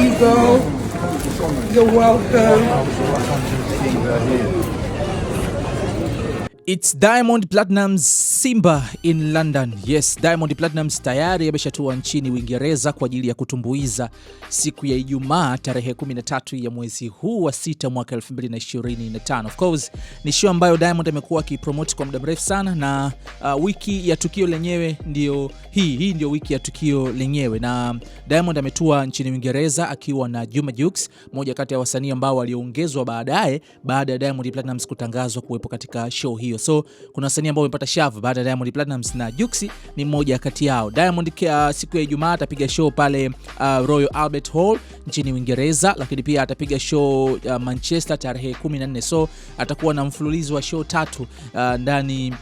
you go. You're welcome. It's Diamond Platnumz Simba in London. Yes, Diamond Platnumz tayari ameshatua nchini Uingereza kwa ajili ya kutumbuiza siku ya Ijumaa tarehe 13 ya mwezi huu wa sita mwaka 2025. Of course, ni show ambayo Diamond amekuwa akipromote kwa muda mrefu sana na uh, wiki ya tukio lenyewe ndio hii. Hii ndio wiki ya tukio lenyewe na Diamond ametua nchini Uingereza akiwa na Juma Jux, moja kati ya wasanii ambao waliongezwa baadaye baada ya Diamond Platnumz kutangazwa kuwepo katika show hiyo hiyo. So kuna wasanii ambao wamepata shavu baada ya Diamond Platnumz na Jux ni mmoja kati yao. Diamond uh, siku ya Ijumaa atapiga show pale uh, Royal Albert Hall nchini Uingereza, lakini pia atapiga show uh, Manchester tarehe 14. So atakuwa na mfululizo wa show tatu uh, ndani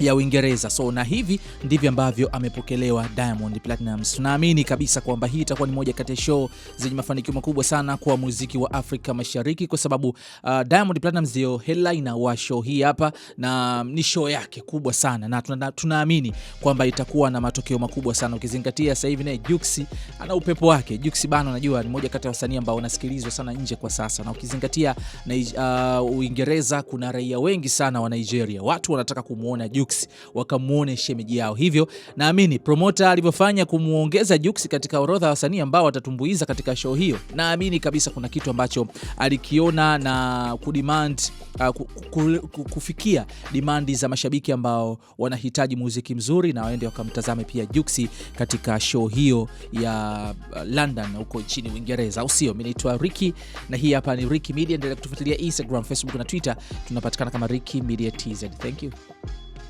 ya Uingereza. So na hivi ndivyo ambavyo amepokelewa Diamond Platnumz. Tunaamini kabisa kwamba hii itakuwa ni moja kati ya show zenye mafanikio makubwa sana kwa muziki wa Afrika Mashariki kwa sababu uh, Diamond Platnumz ndio headliner wa show hii hapa na ni show yake kubwa sana na tuna, tunaamini kwamba itakuwa na matokeo makubwa sana ukizingatia sasa hivi naye Jux ana upepo wake. Jux bana, unajua ni moja kati ya wasanii ambao wanasikilizwa sana nje kwa sasa na ukizingatia na, uh, Uingereza kuna raia wengi sana wa Nigeria. Watu wanataka kumuona Jux Jux wakamwone shemeji yao. Hivyo naamini promota alivyofanya kumwongeza Jux katika orodha ya wasanii ambao watatumbuiza katika show hiyo, naamini kabisa kuna kitu ambacho alikiona na kudemand, uh, kufikia dimandi za mashabiki ambao wanahitaji muziki mzuri na waende wakamtazame pia Jux katika show hiyo ya ah, London huko nchini Uingereza, au sio? Mi naitwa Ricky na hii hapa ni Ricky Media. Endelea kutufuatilia Instagram, Facebook na Twitter, tunapatikana kama Ricky Media TZ. Thank you.